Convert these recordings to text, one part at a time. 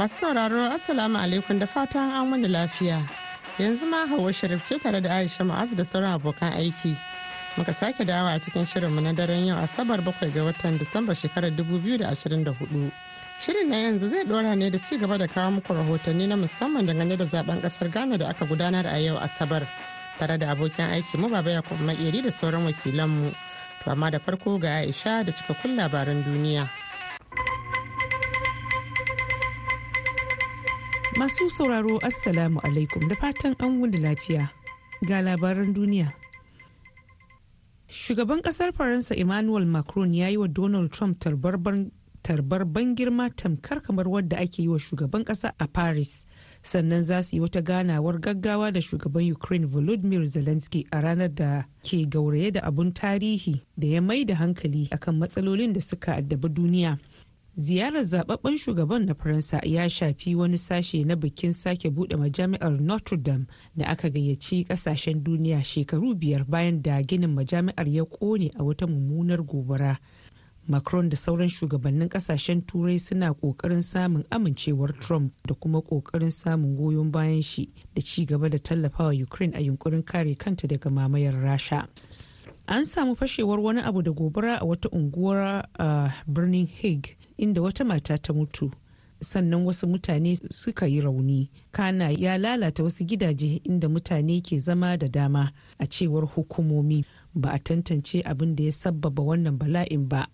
Masu sauraro Assalamu alaikum da fatan an wani lafiya. Yanzu ma Hauwa Sharif ce tare da Aisha Ma'az da sauran abokan aiki. Muka sake dawa a cikin shirinmu na daren yau Asabar bakwai ga watan Disamba shekarar dubu biyu da da ashirin 2024. Shirin na yanzu zai dora ne da ci gaba da kawo muku rahotanni na musamman dangane da zaben kasar Ghana da aka gudanar a yau Asabar. Tare da abokin aiki mu Baba kuma Makeri da sauran wakilanmu. To amma da farko ga Aisha da cikakkun labaran duniya. Masu sauraro Assalamu alaikum da fatan an wuni lafiya ga labaran duniya. Shugaban kasar Faransa Emmanuel Macron ya yi wa Donald Trump tarbar ban girma tamkar kamar wadda ake yi wa shugaban kasa a Paris. Sannan za su yi wata ganawar gaggawa da shugaban Ukraine Volodymyr Zelensky a ranar da ke gauraye da abun tarihi da ya mai da hankali akan matsalolin da suka addabi duniya. ziyarar zababben shugaban na faransa ya shafi wani sashe na bikin sake bude majami'ar notre dame da aka gayyaci kasashen duniya shekaru biyar bayan da ginin majami'ar ya kone a wata mummunar gobara macron da sauran shugabannin kasashen turai suna kokarin samun amincewar trump da kuma kokarin samun goyon bayan shi da ci gaba da tallafawa ukraine a yunkurin kare kanta daga mamayar rasha an samu fashewar wani abu da gobara a wata unguwar a ah, birnin hague inda wata mata ta mutu sannan wasu mutane suka yi rauni kana ya lalata wasu gidaje inda mutane ke zama da dama a cewar hukumomi ba a tantance abin da ya sabbaba wannan bala'in ba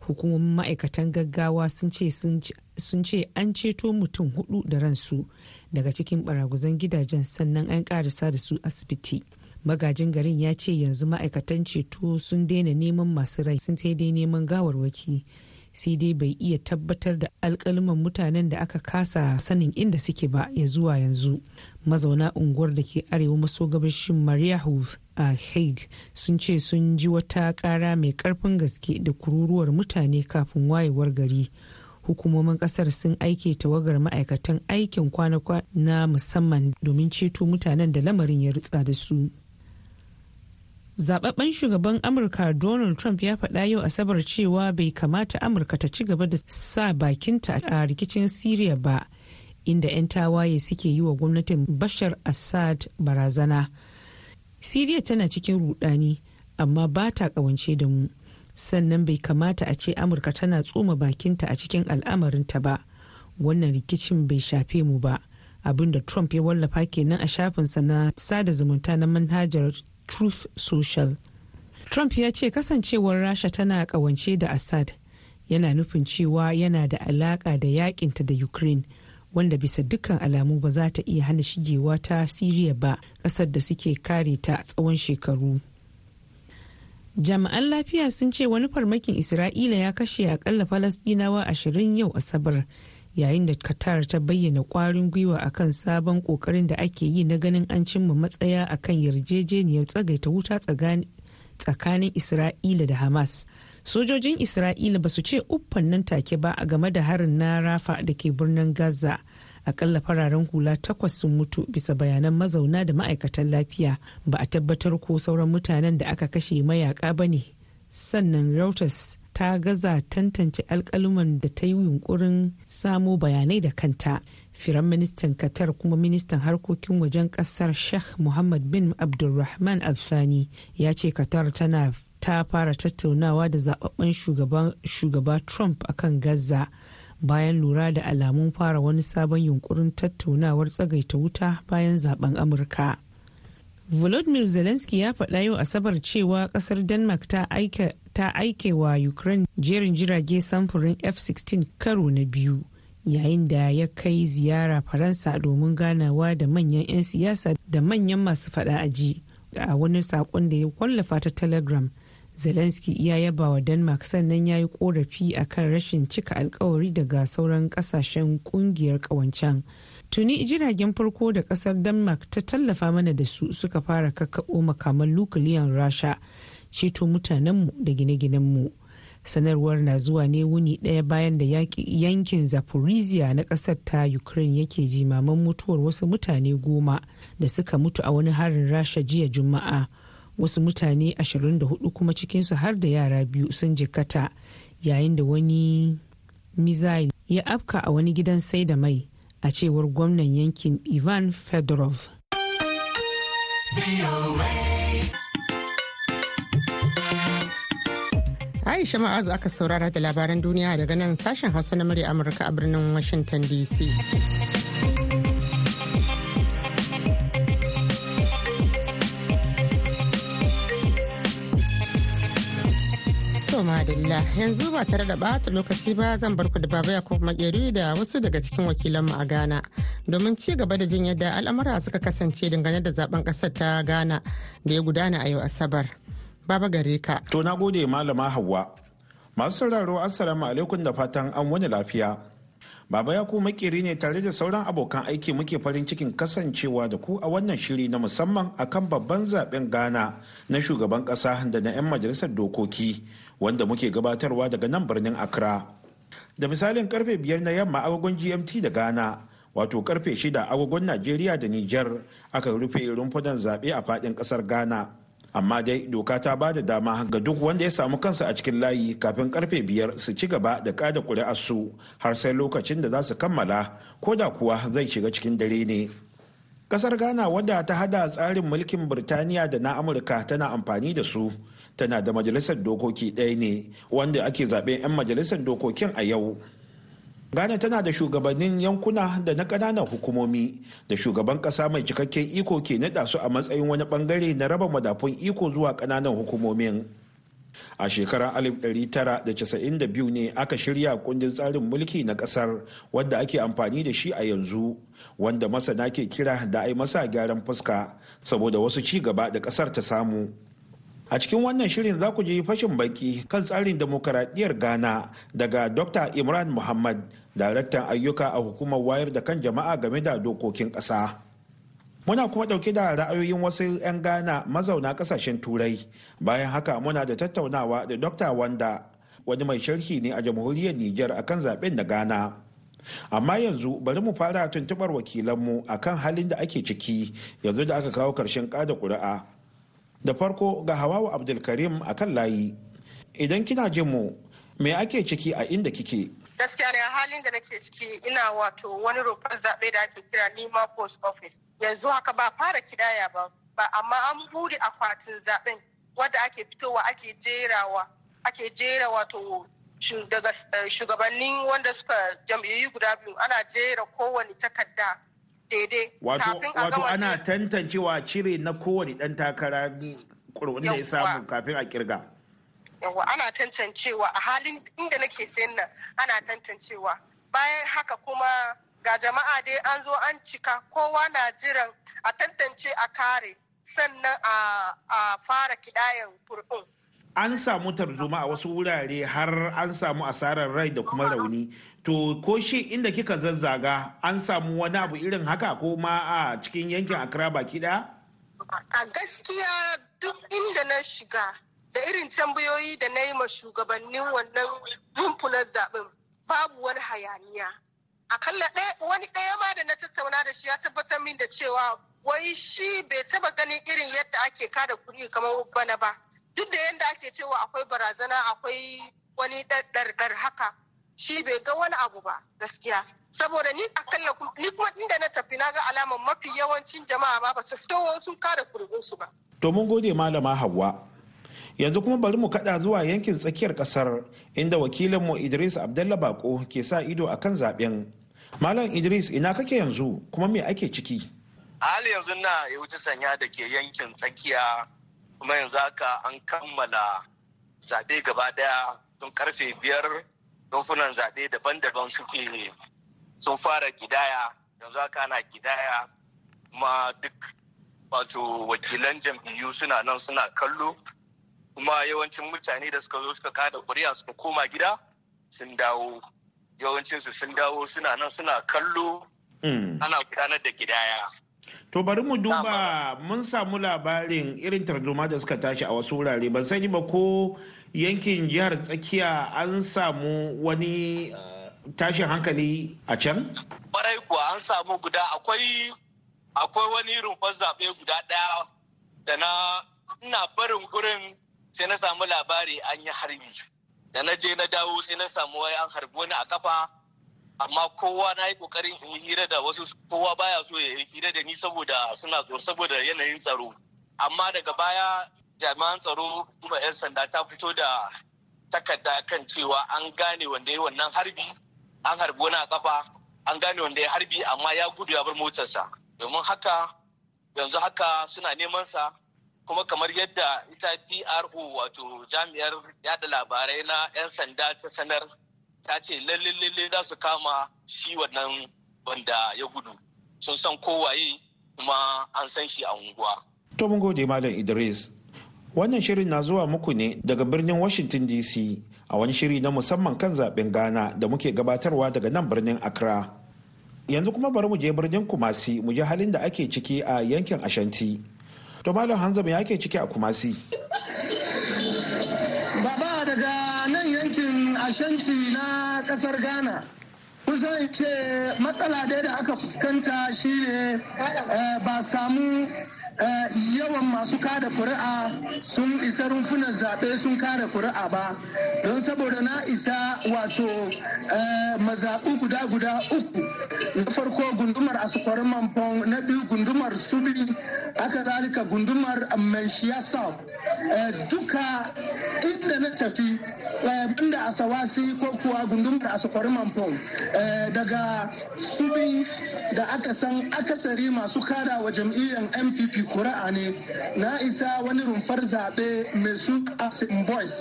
hukumomin ma'aikatan gaggawa sun ce an ceto mutum hudu da ransu daga cikin baraguzan gidajen sannan an karisa da su asibiti magajin garin ya ce yanzu ma'aikatan ceto sun daina neman masu rai sun sai dai neman gawarwaki sai dai bai iya tabbatar da alkaliman mutanen da aka kasa sanin inda suke ba ya zuwa yanzu mazauna unguwar da ke arewa maso gabashin mariahu a hague sun ce sun ji wata kara mai karfin gaske da kururuwar mutane kafin wayewar gari hukumomin kasar sun aike tawagar ma'aikatan aikin kwana na musamman domin ceto mutanen da lamarin ya ritsa da su zababben shugaban amurka donald trump ya faɗa yau asabar cewa bai kamata amurka ta ci gaba da sa bakinta a rikicin syria ba inda 'yan tawaye suke yi wa gwamnatin bashar assad barazana syria tana cikin rudani amma ba ta kawance da mu sannan bai kamata a ce amurka tana tsoma bakinta a cikin al'amarinta ba wannan rikicin bai shafe mu ba abinda trump ya wallafa kenan a shafinsa na sada zumunta na manhajar truth social trump ya ce kasancewar rasha tana kawance da assad yana nufin cewa yana da alaka da yakinta da ukraine wanda bisa dukkan alamu ba za ta iya hana shigewa ta Syria ba kasar da suke kare ta tsawon shekaru jami'an lafiya sun ce wani farmakin isra'ila ya kashe akalla falasdinawa ashirin yau asabar yayin da qatar ta bayyana kwarin gwiwa akan sabon kokarin da ake yi na ganin an cimma matsaya akan yarjejeniyar tsagaita wuta tsakanin isra'ila da hamas sojojin isra'ila ba su ce uffan nan take ba a game da harin na rafa da ke birnin gaza akalla fararen hula takwas sun mutu bisa bayanan mazauna da ma'aikatan lafiya ba a tabbatar ko sauran mutanen da aka kashe mayaka ba ne sannan reuters ta gaza tantance alkaluman da ta yi yunkurin samo bayanai da kanta firan ministan qatar kuma ministan harkokin wajen kasar sheikh muhammad bin abdulrahman alfani ya ce qatar tana ta fara tattaunawa da zababben shugaba trump akan gaza bayan lura da alamun fara wani sabon yunkurin tattaunawar tsagaita wuta bayan zaben amurka volodymyr zelensky ya faɗa yau asabar cewa ƙasar denmark ta aike ta aike wa ukraine jerin jirage samfurin f-16 karo na biyu yayin da ya kai ziyara faransa domin ganawa da manyan 'yan siyasa da manyan masu faɗa aji a wani saƙon da ya kwallafa ta telegram zelensky ya yaba wa denmark sannan ya yi korafi akan rashin cika alkawari daga sauran ƙasashen ƙungiyar ƙawancen. tuni jiragen farko da kasar denmark ta tallafa mana da su suka fara kakkaɓo makaman nukiliyan rasha ceto mutanenmu da gine-ginenmu sanarwar na zuwa ne wuni daya bayan da yankin zaporizhia na kasar ta ukraine yake jimaman mutuwar wasu mutane goma da suka mutu a wani harin rasha jiya juma'a wasu mutane 24 kuma cikinsu har da yara biyu sun jikata yayin da wani mizail ya afka a wani gidan sai da mai a cewar gwamnan yankin ivan fedorov aisha ma'azu aka saurara da labaran duniya daga nan sashen hausa na murya amurka a birnin washington dc madalla yanzu ba tare da bata lokaci ba zan barku da baba Yakub Makeri da wasu daga cikin wakilanmu a Ghana domin ci gaba da jin yadda al'amura suka kasance dangane da zaben kasar ta Ghana da ya gudana a yau Asabar. Baba gare ka. To na gode malama Hauwa. Masu sauraro assalamu alaikum da fatan an wani lafiya. Baba Yakub Makeri ne tare da sauran abokan aiki muke farin cikin kasancewa da ku a wannan shiri na musamman akan babban zaben Ghana na shugaban kasa da na 'yan majalisar dokoki wanda muke gabatarwa daga nan birnin accra da misalin karfe biyar na yamma agogon gmt da ghana wato karfe shida agogon najeriya da niger aka rufe rumfudan zaɓe a faɗin ƙasar ghana amma dai doka ta ba da dama ga duk wanda ya samu kansa a cikin layi kafin karfe biyar su ci gaba da kada ƙuri'arsu har sai lokacin da za su kammala ko da kuwa zai shiga cikin dare ne kasar ghana wadda ta hada tsarin mulkin birtaniya da na amurka tana amfani da su tana da majalisar dokoki ɗaya ne wanda ake zaɓen 'yan majalisar dokokin a yau Ghana tana da shugabannin yankuna da na ƙananan hukumomi da shugaban ƙasa mai cikakken iko ke naɗa su a matsayin wani ɓangare na raba madafun iko zuwa ƙananan hukumomin. A shekarar alif ɗari tara da da casa'in biyu ne aka shirya kundin tsarin mulki na ƙasar wanda ake amfani da shi a yanzu, wanda masana ke kira da ai masa gyaran fuska saboda wasu ci gaba da ƙasar ta samu. A cikin wannan shirin za ku ji fashin baki kan tsarin demokaradiyyar Ghana daga Dr. Imran Muhammad, daraktan ayyuka a hukumar wayar da kan jama'a game da dokokin ƙasa. Muna kuma ɗauke da ra'ayoyin wasu 'yan Ghana mazauna ƙasashen Turai. Bayan haka muna da tattaunawa da Dr. Wanda, wani mai sharhi ne a jamhuriyar Nijar akan zaɓen da Ghana. amma yanzu bari mu fara tuntubar wakilanmu akan halin da ake ciki yanzu da aka kawo karshen ƙada kuri'a da farko ga hawawa abdulkarim a kan layi idan kina jin mu me ake ciki a inda kike gaskiya ne halin da nake ciki ina wato wani roƙon zaɓe da ake kira nema post office yanzu haka ba fara kidaya ba ba amma an buɗe akwatin zaɓen wadda ake fitowa ake jerawa ake jera wato daga eh, shugabannin wanda suka jam'iyyu guda biyu ana jera kowane takarda daidai wato ana tantancewa cire na kowane ɗan takara kurwani da ya samu kafin a kirga yawa ana tantancewa a halin inda nake sayan nan ana tantancewa bayan haka kuma ga jama'a dai an zo an cika kowa na jiran a tantance a kare sannan a fara kidayen kurɗin an samu tarzoma a wasu wurare har an samu asarar rai da kuma rauni to ko shi inda kika zazzaga an samu wani abu irin haka ko ma a cikin yankin akra baki da a gaskiya duk inda na shiga da irin tambayoyi da na yi ma shugabannin wannan rumfunan zaɓen babu wani hayaniya akalla wani ɗaya ma da na tattauna da shi ya tabbatar min da cewa wai shi bai taba ganin irin yadda ake kada kuɗi kamar bana ba duk da yadda ake cewa akwai barazana akwai wani ɗarɗar haka shi bai ga wani abu ba gaskiya saboda ni akalla ni kuma inda na tafi na ga alamar mafi yawancin jama'a ba ba su fito sun kare kurbinsu ba. to mun gode malama hawa yanzu kuma bari mu kada zuwa yankin tsakiyar kasar inda wakilin mu idris Abdullahi bako ke sa ido akan zaben malam idris ina kake yanzu kuma me ake ciki hali yanzu na ya wuce sanya da ke yankin tsakiya kuma yanzu haka an kammala zaɓe gaba daya tun karfe biyar rumfunan zaɓe daban-daban suke sun fara gidaya yanzu haka ana gidaya kuma duk wato wakilan jam'iyyu suna nan suna kallo kuma yawancin mutane da suka zo suka kada ƙuri'a suka koma gida sun dawo yawancinsu sun dawo suna nan suna kallo hmm. ana gudanar da gidaya To bari mu duba mun samu labarin irin tarzoma da suka tashi a wasu wurare ban sani ba ko yankin jihar tsakiya an samu wani eh, tashin hankali a can? Barai kuwa an samu guda akwai akwai wani rumfar zaɓe guda ɗaya da na ina barin gurin sai na samu labari an yi harbi da na je na dawo sai na samu wai an harbi wani a kafa amma kowa na yi kokarin in yi hira da wasu kowa baya so ya yi hira da ni saboda suna zo saboda yanayin tsaro amma daga baya jami'an tsaro kuma 'yan sanda ta fito da takarda kan cewa an gane wanda ya wannan harbi an harbi wani a kafa an gane wanda ya harbi amma ya gudu ya bar motarsa domin haka yanzu haka suna neman sa kuma kamar yadda ita DRO wato jami'ar yada labarai na 'yan sanda ta sanar ta ce lalle za su kama shi wannan wanda ya gudu sun san kowaye kuma an san shi a unguwa. To mun gode Malam Idris. Wannan shirin na zuwa muku ne daga birnin Washington DC a wani shiri na musamman kan zaben Ghana da muke gabatarwa daga nan birnin Accra. Yanzu kuma bari mu je birnin Kumasi mu ji halin da ake ciki a yankin Ashanti. To Malam Hanzam ya ke ciki a Kumasi. ashanti na kasar ghana kusan ce matsala dai da aka fuskanta shine eh, ba samu Eh, yawan masu kada kuri'a sun isa rumfunan zaɓe sun kada kuri'a ba don saboda na isa wato eh, mazaɓu guda guda uku na farko gundumar asukwarin manfon na biyu gundumar subi aka zalika gundumar manshiya south eh, duka inda na tafi banda asawasi ko kuwa gundumar asukwarin manfon daga subi da aka san akasari masu kada wa jam'iyyar npp kuri'a ne na isa wani rumfar zaɓe mai suka boys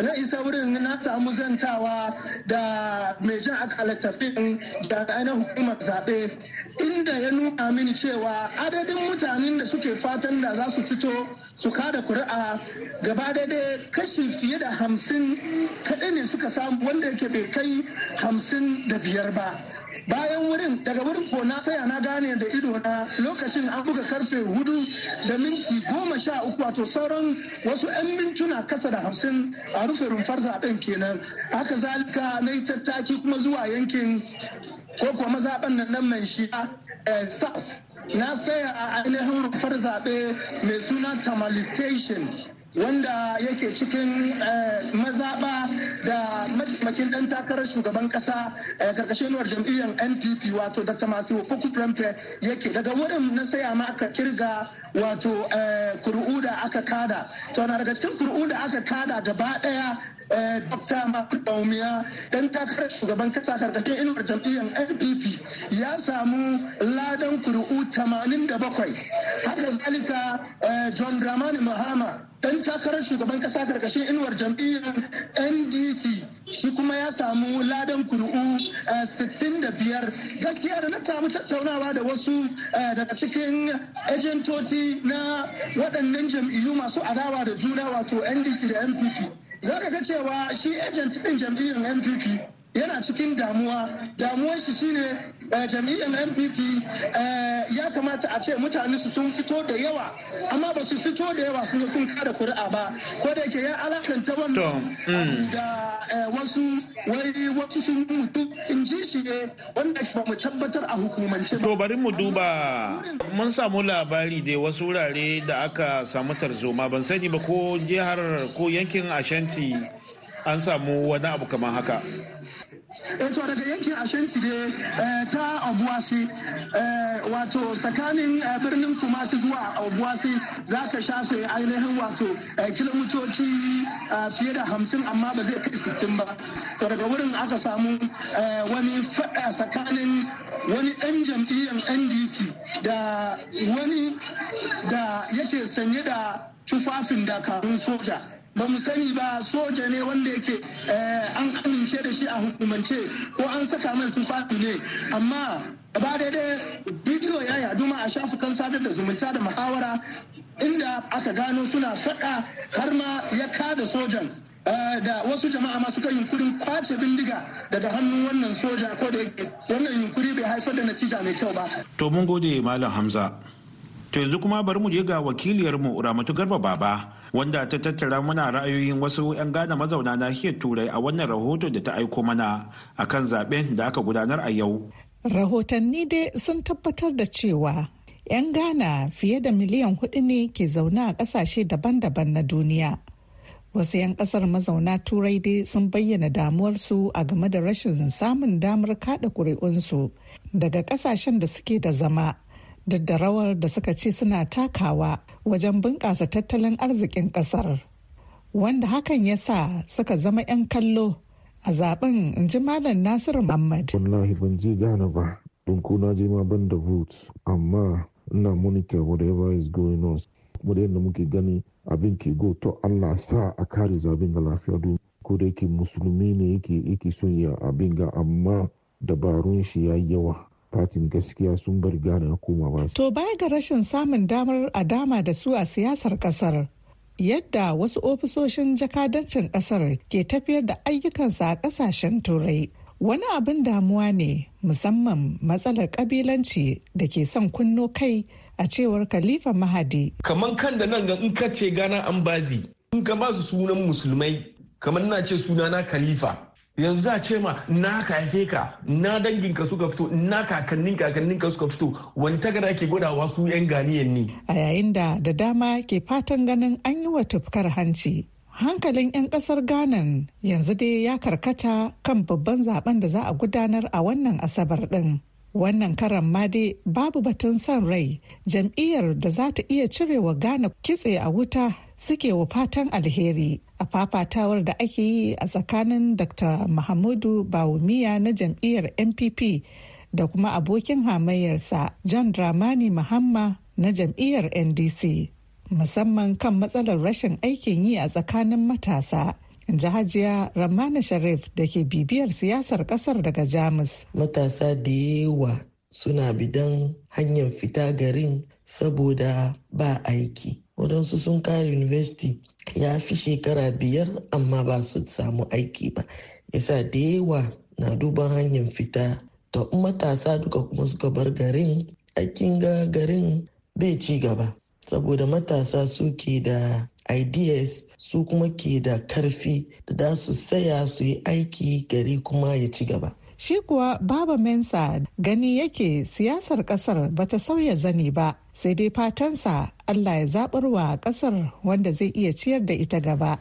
na isa wurin na samu zantawa da mai jan akalar tafin da ainihin hukumar zaɓe inda ya nuna mini cewa adadin mutanen da suke fatan da za su fito su kada kuri'a gaba daidai kashi fiye da hamsin kaɗai ne suka samu wanda yake bai kai hamsin da biyar ba bayan wurin daga wurin ko na saya na gane da ido na lokacin an buga karfe hudu da minti goma sha uku wato sauran wasu 'yan mintuna kasa da hamsin a rufe rumfar zaben kenan haka zalika na yi tattaki kuma zuwa yankin ko kuwa mazaɓen nan nan man shi na eh, saya a ainihin rumfar zaɓe mai suna tamale station wanda yake cikin eh, mazaɓa da mataimakin ɗan takarar shugaban ƙasa karkashin eh, nuwar jam'iyyar npp wato dr masu kuku prempe yake daga wurin na saya ma aka kirga wato eh, kuru'u da aka kada to na daga cikin kuru'u da aka kada gaba ɗaya dr masu daumiya ɗan takarar shugaban ƙasa karkashin inuwar jam'iyyar npp ya samu ladan kuru'u 87 haka zalika john dramani mahama ɗan takarar shugaban kasa karkashin inuwar jam'iyyar ndc shi kuma ya samu ladan kuri'u 65 eh, gaskiya da na samu tattaunawa da wasu eh, daga cikin ejentoti na waɗannan jam'iyyu masu adawa da juna wato ndc da npp za ka ga cewa shi ejent ɗin jam'iyyar npp yana cikin damuwa damuwar shi shine eh, jam'iyyar npp eh, ya kamata a ce mutane su sun fito da yawa amma ba su fito da yawa sun sun kada kuri'a ba ko da ke ya alakanta wannan mm. da eh, wasu wai wasu sun mutu in ji shi ne wanda ba mu tabbatar a hukumance ba to bari mu duba mun samu labari da wasu wurare da aka samu tarzoma ban sani ba ko jihar ko yankin ashanti an samu wani abu kamar haka eh to daga yankin ashanti da eh, ta obuasi eh, wato tsakanin eh, birnin kumasi zuwa obuasi za ka shafe ainihin wato kilomitoci fiye da hamsin amma ba zai kai sittin ba to daga wurin aka samu wani faɗa tsakanin wani ɗan jam'iyyar ndc da wani da yake sanye da tufafin dakarun soja ba mu sani ba soja ne wanda yake eh, an amince da shi a hukumance ko an saka mai tufafi ne amma ba daidai bidiyo ya yadu ma a shafukan sadar da zumunta da muhawara inda aka gano suna faɗa har ma ya kada sojan eh, da wasu jama'a masu kan yunkurin kwace bindiga daga hannun wannan soja ko da wannan yunkuri bai haifar da natija mai kyau ba. To mun gode Malam Hamza. To yanzu kuma bari mu je ga wakiliyarmu Ramatu Garba Baba wanda ta tattara mana ra'ayoyin wasu 'yan gane mazauna nahiyar Turai a wannan rahoton da ta aiko mana a kan zaben da aka gudanar a yau. Rahotanni dai sun tabbatar da cewa 'yan gana fiye da miliyan hudu ne ke zaune a ƙasashe daban-daban na duniya. Wasu 'yan kasar mazauna Turai dai sun bayyana damuwarsu a game da rashin samun damar kada ƙuri'unsu daga ƙasashen da suke da zama daddarawar da suka ce suna takawa wajen bunƙasa tattalin arzikin ƙasar wanda hakan ya sa suka zama 'yan kallo a zaben in ji malam nasiru muhammad wallahi ban je gane ba don ko na je ma ban da vote amma ina monitor whatever is going on kuma da yadda muke gani abin ke go to allah sa a kare zaben ga lafiya domin ko da yake musulmi ne yake yake son ya abin ga amma dabarun shi ya yawa fatin gaskiya sun bar Ghana koma ba. To baya ga rashin samun damar a dama da su a siyasar kasar. Yadda wasu ofisoshin jakadancin kasar ke tafiyar da ayyukansa a kasashen turai. Wani abin damuwa ne musamman matsalar kabilanci da ke son kunno kai a cewar kalifa Mahadi. Kaman kan da nan ga in ka ce gana an bazi, in ka ba su sunan musulmai, kamar na ce sunana Khalifa. yanzu za a ce ma na ka haife ka na dangin ka suka fito na kakannin suka fito wani takarda ke gwadawa su yan ganiyan ne a yayin da da dama ke fatan ganin an yi wa tufkar hanci hankalin 'yan kasar ghana yanzu dai ya karkata kan babban zaben da za a gudanar a wannan asabar din wannan karan ma dai babu batun son rai jam'iyyar da za ta iya cirewa ghana kitse a wuta suke wa fatan alheri a fafatawar da ake yi a tsakanin dr mahamudu bawumiya na jam'iyyar npp da kuma abokin hamayyarsa john dramani mahamma na jam'iyyar ndc musamman kan matsalar rashin aikin yi a tsakanin matasa ji hajiya ramana sharif da ke bibiyar siyasar kasar daga jamus matasa da yawa suna bidan hanyar fita garin saboda ba aiki wadansu sun kare university ya fi shekara biyar amma ba su samu aiki ba yasa da yawa na duban hanyar fita to matasa duka kuma suka bar garin aikin ga garin bai ci gaba saboda matasa suke da ideas su kuma ke da karfi da da su saya su yi aiki gari kuma ya ci gaba Shi kuwa Baba Mensa gani yake siyasar kasar bata sauya zani ba, sai dai fatansa Allah ya zaɓar wa kasar wanda zai iya ciyar da ita gaba.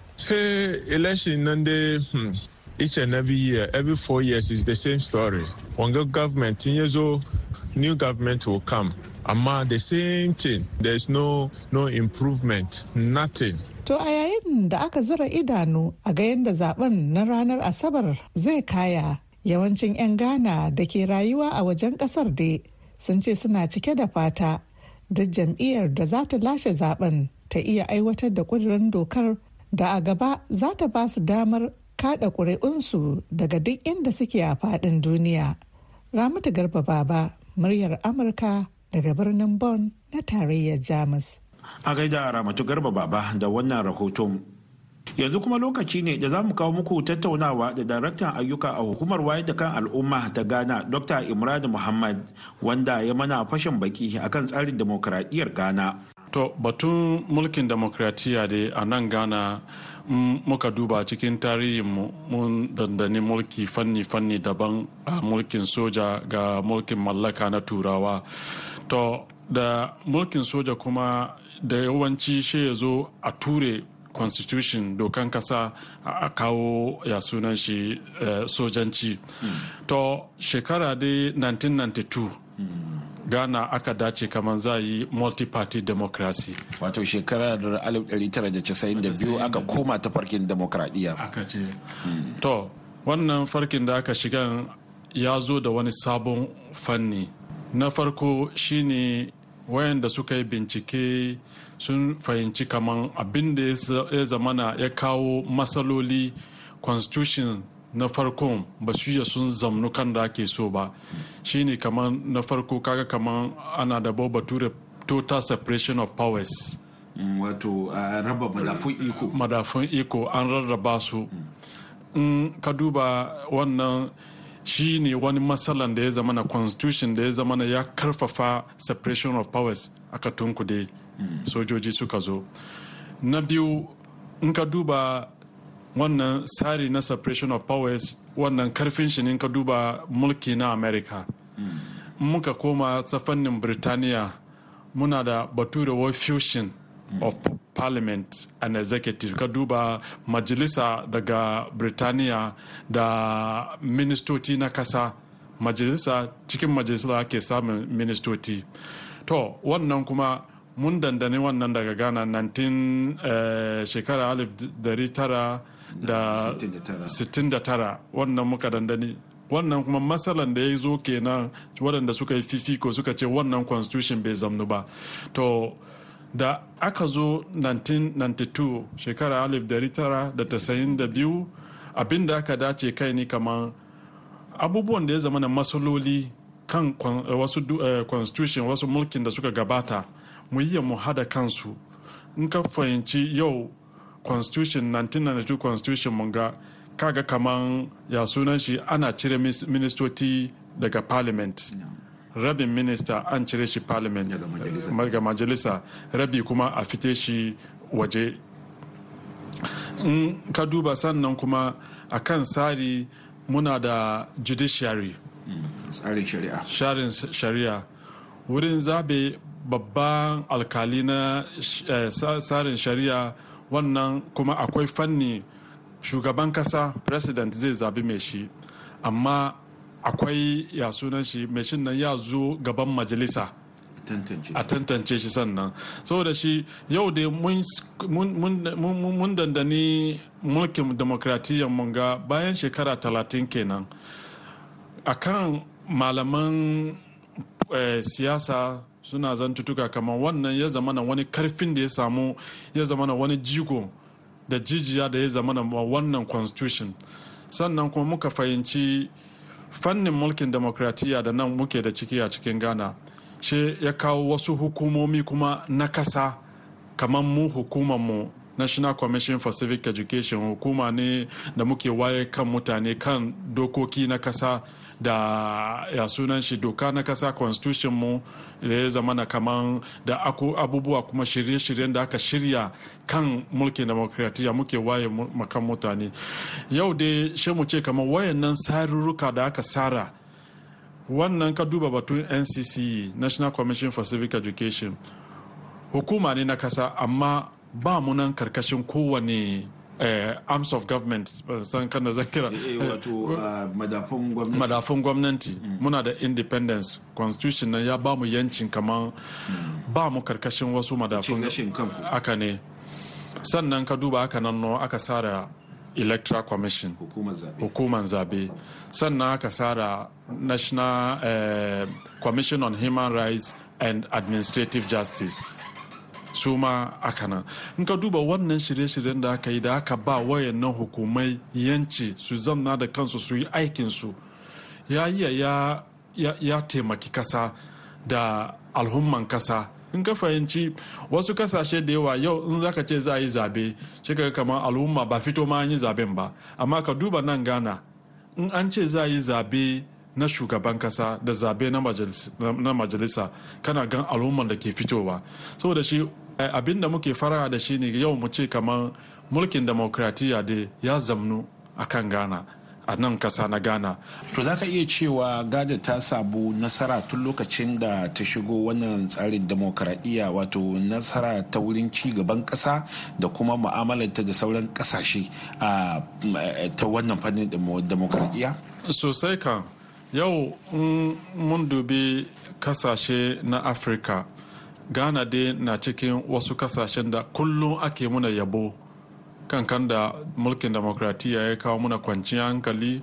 election nan dai hmm, each and every year, every four years is the same story. Wanga government in yazo, new government will come. Amma the same thing, there is no no improvement, nothing. To a yayin da aka zira idanu a ga yadda zaben na ranar Asabar zai kaya yawancin 'yan ghana da ke rayuwa a wajen kasar da sun ce suna cike da fata da jam'iyyar da za ta lashe zaben ta iya aiwatar da kudirin dokar da a gaba za ta ba su damar kada ƙuri'unsu daga duk inda suke a faɗin duniya ramatu garba baba muryar amurka daga birnin Bon na tarayyar jamus a gaida ramatu garba baba da wannan rahoton yanzu kuma lokaci ne da za mu kawo muku tattaunawa da daraktan ayyuka a hukumar wayar da kan al'umma ta ghana dr imran muhammad wanda ya mana fashin baki akan tsarin demokradiyyar ghana to batun mulkin demokratiya da a nan ghana mm, muka duba cikin tarihin mun dandani mulki fanni-fanni daban a mulkin soja ga mulkin mallaka na turawa to da mulkin soja kuma da yawanci shi ya zo a ture constitution dokan kasa a kawo ya sunan shi eh, sojanci to shekara dai 1992 ghana aka dace kamar za yi multi-party democracy wato shekarar 1992 aka koma ta farkin demokradiyya aka ce hmm. to wannan farkin da aka shiga ya zo da wani sabon fanni na farko shine wayanda suka yi bincike sun fahimci kaman abin da ya zamana ya kawo matsaloli constitution na farko ba su iya sun zamnu kan da ake so ba shine kaman na farko kaga kaman ana da bature total separation of powers mm, wato raba madafun iko madafun iko an rarraba su in ka duba wannan shi ne wani matsalan da ya zama na constitution da ya zama na ya karfafa separation of powers aka tunkude sojoji suka zo na biyu in ka duba wannan tsari na separation of powers wannan karfin shi ne in ka duba mulki na america muka koma ta fannin birtaniya muna da bature war fusion of parliament and executive ka duba majalisa daga birtaniya da ministoci na kasa majalisa cikin majalisa ake samun ministoci to wannan kuma mun dandane wannan daga ghana 19 eh, shekara 1969 wannan muka dandane wannan kuma matsalan da ya zo kenan waɗanda suka yi fifiko suka ce wannan constitution bai zamnu ba to da aka zo 1992 shekara 1992 abin da aka dace kai ne kamar abubuwan da ya zama na matsaloli kan eh, wasu eh, constitution wasu mulkin da suka gabata mu yi mu hada kansu in ka fahimci yau constitution 1992 constitution mun ga kaga kaman ya sunan shi ana cire ministoci daga parliament rabin minista an cire shi parliament ga majalisa rabi kuma a fite shi waje in ka duba sannan kuma a kan tsari muna da judiciary mm, tsarin shari'a wurin zabe babban alkali na eh, tsarin shari'a wannan kuma akwai fanni shugaban kasa president zai zabi mai shi amma akwai ya sunan shi mai shi nan ya zo gaban majalisa a tantance shi sannan saboda shi yau da mun dandani mulkin demokratiyyar mun ga bayan shekara talatin kenan akan malaman eh, siyasa suna zantutuka kamar wannan ya zamana wani karfin da ya samu ya zamana wani jigo da jijiya da ya zamana wannan constitution sannan kuma muka fahimci fannin mulkin demokratiya da nan muke da ciki a cikin ghana shi ya kawo wasu hukumomi kuma na kasa kamar mu hukumanmu national commission for civic education hukuma ne da muke waye kan mutane kan dokoki na kasa da ya sunan shi doka na kasa constitution mu da ya zama na kaman da abubuwa kuma shirye-shiryen da aka shirya kan mulkin demokratiya muke waye makan mutane yau dai shi mu ce kamar nan sarurruka da aka sara wannan ka duba batun ncc national commission for civic education hukuma ne na kasa amma ba mu nan karkashin kowane eh, arms of government san da zan kira eh, eh, ah, madafun gwamnati mm. muna da independence constitution nan ya ba mu yancin kama mm. ba mu karkashin wasu madafun aka ne sannan ka duba aka nan aka sara electoral commission hukumar zabe sannan aka sara national eh, commission on human rights and administrative justice su ma a nan in ka duba wannan shirye-shiryen da aka yi da aka ba wayannan hukumai yanci su zamna da kansu su yi aikinsu ya yi ya, ya taimaki kasa da alhumman kasa in ka fahimci wasu kasashe da yawa yau in zaka ce za a yi zabe shi kamar al'umma ba fito ma an yi zaben ba amma ka duba nan gana in an ce za a yi zabe na shugaban kasa da zabe na majalisa kana gan al'umman da ke fitowa saboda shi Eh, abin da muke fara da shi ne yau mu ce kamar mulkin demokratiya da ya zamnu a kan ghana a nan kasa na ghana to za ka iya cewa gada ta sabu nasara tun lokacin da ta shigo wannan tsarin demokradiyya wato nasara ta wurin ci gaban kasa da kuma mu'amalarta da sauran kasashe eh, ta wannan fannin demokradiyya sosai kan yau mun dubi kasashe na afirka ghana dai na cikin wasu kasashen da kullum ake muna yabo kankan da mulkin demokratiya ya kawo muna kwanciyar hankali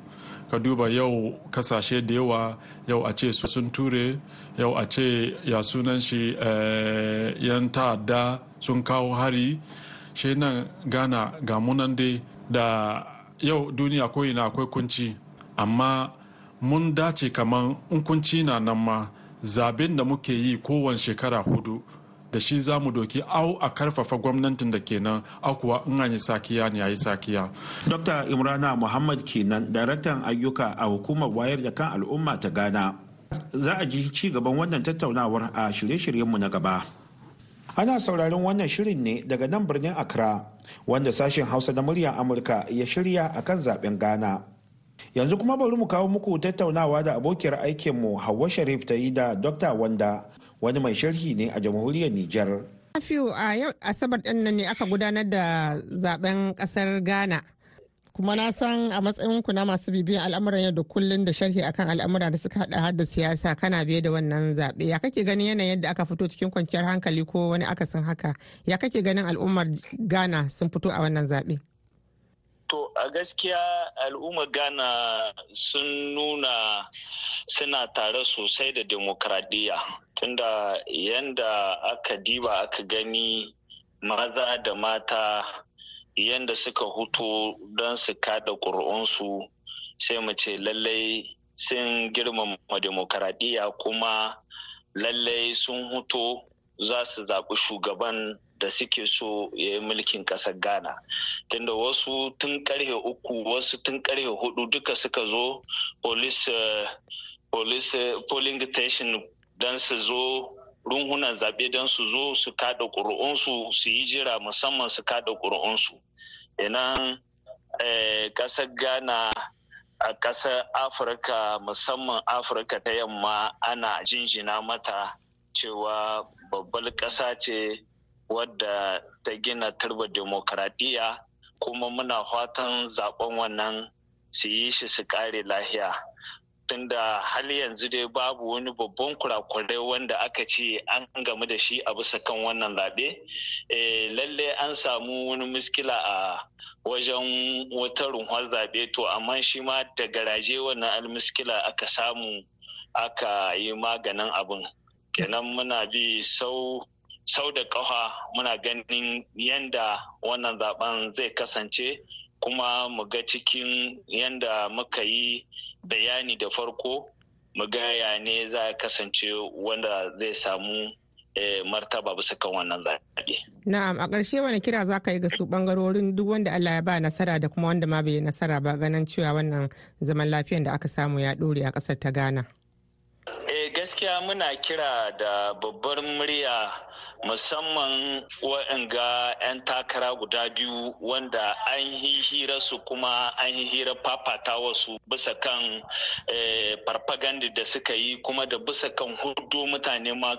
ka duba yau kasashe da yawa yau a ce sun ture yau a ce ya sunan shi eh, yan ta'adda sun kawo hari shi nan ghana ga munan dai da yau duniya ko'ina akwai kunci amma mun dace kaman in kunci na nan ma zaben da muke yi kowane shekara hudu da shi za mu doki au a karfafa gwamnatin da kenan akuwa in an yi sakiya ne a yi sakiya. Dr. Imrana Muhammad kenan daraktan ayyuka a hukumar wayar da kan al'umma ta Ghana. Za a ji ci gaban wannan tattaunawar a shirye-shiryenmu na gaba. Ana sauraron wannan shirin ne daga nan birnin Accra, wanda sashen Hausa na muryar Amurka ya shirya akan zaben Ghana. yanzu kuma bari mu kawo muku tattaunawa da abokiyar aikinmu hawa sharif ta yi da dr wanda wani mai sharhi ne a jamhuriyar nijar Matthew a yau asabar din nan ne aka gudanar da zaben ƙasar ghana kuma na san a matsayinku na masu bibiyan al'amuran yau da kullun da sharhi akan al'amura da suka hada da siyasa kana biye da wannan zaɓe ya kake ganin yanayin yadda aka fito cikin kwanciyar hankali ko wani akasin haka ya kake ganin al'ummar ghana sun fito a wannan zaɓe To a gaskiya al'ummar Ghana sun nuna suna tare sosai da demokradiyya tunda yanda aka diba aka gani maza da mata yanda suka hutu don su kada ƙuri'unsu sai mu ce lallai sun girmama demokradiyya kuma lallai sun huto za su zaɓi shugaban da suke so ya yi mulkin ƙasar ghana tunda wasu tun ƙarfe uku wasu tun ƙarfe hudu duka suka zo police eh, eh, polling station don su zo runhunan zaɓe don su zo su kada ƙuri'unsu su yi jira musamman su kada ƙuri'unsu inan eh, ƙasar ghana a ƙasar afirka musamman afirka ta yamma ana jinjina mata cewa babbar ƙasa ce wadda ta gina turba demokradiyya kuma muna fatan zaben wannan su yi shi su kare lahiya tunda har yanzu dai babu wani babban kurakurai wanda aka ce an gamu da shi a bisa kan wannan zaɓe eh, lalle an samu wani muskila a wajen wata runhuwar zaɓe to amma shi ma da garaje wannan almuskila aka samu aka yi maganin abin kenan muna bi sau sau da ƙafa muna ganin yanda wannan zaben zai kasance kuma mu ga cikin yanda muka yi bayani da farko mu ga ya ne za kasance wanda zai samu eh, martaba bisa kan wannan zaɓe. Na'am a ƙarshe wani kira za ka yi ga su ɓangarorin duk wanda Allah ya ba nasara da kuma wanda ma bai nasara ba ganin cewa wannan zaman lafiyan da aka samu ya ɗore a ƙasar ta Ghana. Eh gaskiya muna kira da babbar murya musamman ga 'yan takara guda biyu wanda an hira su kuma an hira fafata wasu bisa kan eh, farfaganda da suka yi kuma da bisa kan hudu mutane ma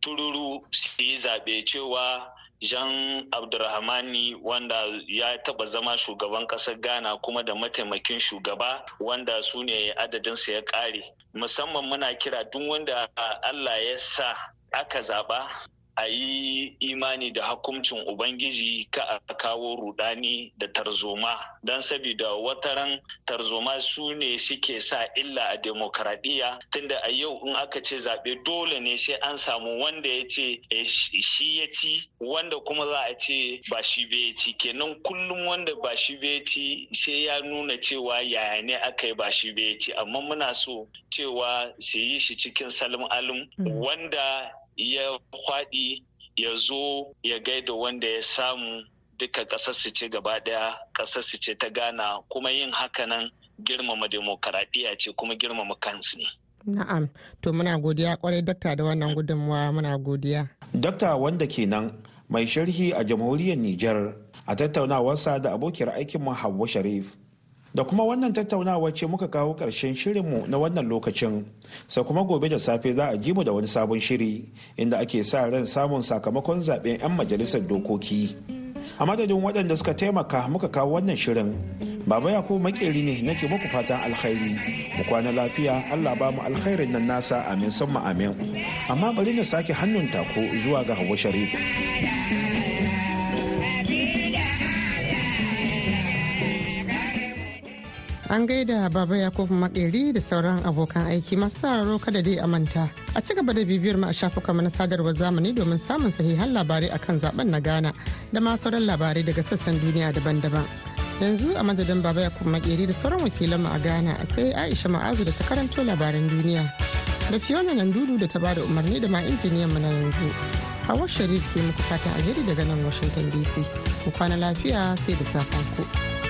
tururu su yi zaɓe cewa Jean Abdurrahmani wanda ya taba zama shugaban ƙasar Ghana kuma da mataimakin shugaba wanda su ne ya ƙare. Musamman muna kira duk wanda Allah ya sa aka zaba a yi imani da hukuncin ubangiji ka a kawo rudani da tarzoma don sabida wataran tarzoma su ne suke sa illa a demokradiyya tunda a yau in aka ce zaɓe dole ne sai an samu wanda ya ce eh, shi ya ci wanda kuma za a ce ba shi ya ci kenan kullum wanda ba shi ya ci sai ya nuna cewa yaya ne aka yi ba shi ya ci amma muna so cewa su yi shi cikin salim alim mm. wanda ya kwaɗi ya zo ya gaida wanda ya samu duka ƙasar su ce gaba ɗaya ƙasar su ce ta gana kuma yin hakanan girmama demokaradiyya ce kuma girmama kansu ne Na'am, to muna godiya kwarai dakta da wannan gudunmawa muna godiya. Dakta wanda kenan mai sharhi a jamhuriyar Nijar a tattaunawarsa da abokiyar aikin Hauwa Sharif da kuma wannan tattaunawa ce muka kawo ƙarshen shirinmu na wannan lokacin sai kuma gobe da safe za a ji mu da wani sabon shiri inda ake sa ran samun sakamakon zaben 'yan majalisar dokoki a madadin waɗanda suka taimaka muka kawo wannan shirin baba ya yakubu makeri ne nake muku fatan alkhairi mu kwana lafiya allah ba mu alkhairin nan nasa amin sun amin amma bari na sake hannun tako zuwa ga hawa sharif an gaida baba yakubu makeri da sauran abokan aiki masu sauraro kada dai a manta a ci gaba da bibiyar mu a shafukanmu na sadarwar zamani domin samun sahihan labarai akan zaben na ghana da ma sauran labarai daga sassan duniya daban-daban yanzu a madadin baba yakubu makeri da sauran wakilanmu a ghana sai aisha ma'azu da ta karanto labaran duniya da fiona nan dudu da ta bada umarni da ma injiniyan mu na yanzu hawa sharif ke muku fatan alheri daga nan washington dc ku kwana lafiya sai da safen ku.